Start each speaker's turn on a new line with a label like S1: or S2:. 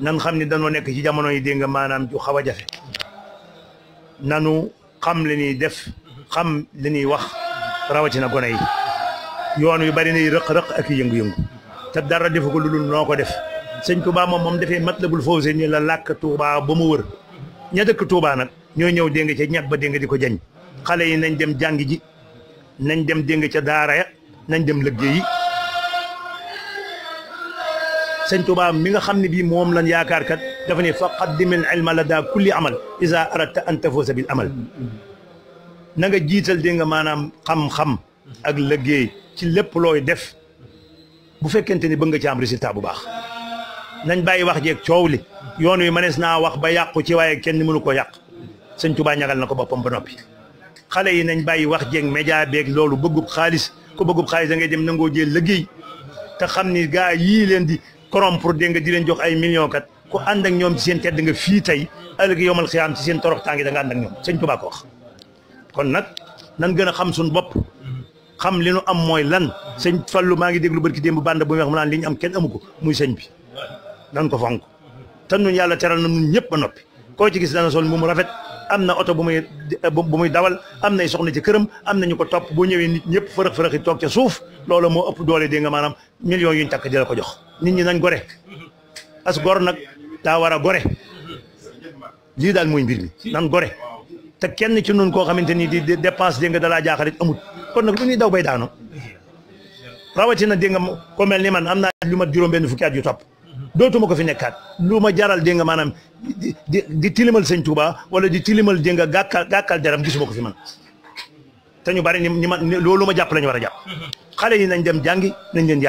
S1: nan xam ni danoo nekk ci jamono yi dégg nga maanaam ju xaw a jafe nanu xam li def xam li wax rawatina gone yi yoon wi bari nay rëq-rëq ak yëngu-yëngu te dara defu ko lu dul noo ko def sëñ Touba moom moom defee mat dafee Matlabul Fawzayni la làkk Touba ba mu wër ña dëkk Touba nag ñoo ñëw dégg ca ñag ba dénga di ko jañ xale yi nañ dem jàngi ji nañ dem dégg ca daara ya nañ dem liggéey yi sëñ Tuubaa mi nga xam ne bii moom lañ yaakaar kat dafa ne fa qaddimil ilma la daa kulli amal isa aradta an tafuusa bil amal na nga jiital dégg nga maanaam xam-xam ak liggéey ci lépp looy def bu fekkente ni bëgg nga ci am résultat bu baax nañ bàyyi wax jeeg coow li yoon wi mënees naa wax ba yàqu ci waaye kenn mënu ko yàq sëñ Tuubaa ñagal na ko boppam ba noppi xale yi nañ bàyyi wax jeeg média beeg loolu bëggub xaalis ku bëggub xaalis da ngay dem nangoo jël liggéey te xam ni gaa yii leen di corrompre de nga di len jox ay million kat ku and ak ñom ci seen tedd nga fi tay ëllëg yomal xiyaam ci seen torox tangi da nga and ak ñom sëñ Tuubaa ko wax kon nak nan gëna xam suñu bop xam li nu am moy lan sëñ Fallu ma ngi déglu barki demb bande bu wax mu liñ am kenn amuko muy sëñ bi nan ko fonk tan nun yalla teral na nun ñëpp ba nopi ko ci gis dana sol mu rafet am na bu muy bu muy dawal am ay soxna ci kërëm am na top bo ñëwé nit ñëpp fërëx fërëx tok ci suuf loolu mo ëpp doole de nga manam million yuñ tak di la ko jox nit ñi nañ gore as gor nag daa war a gore lii daal mooy mbir mi nan gore te kenn ci nun koo xamante ni di dépense dégg nga dalaa jaaxarit amut kon nag lu ñuy daw bay daano rawatina dégg nga ko mel ni man am naa lu mat juróom benn fukki at yu topp dootuma ko fi nekkaat lu ma jaral dégg nga maanaam di di tilimal sëñ Touba wala di tilimal dégg nga gàkkal gàkkal deram gisuma ko fi man te ñu bari ni ma loolu ma jàpp la war a jàpp xale yi nañ dem jàngi nañ leen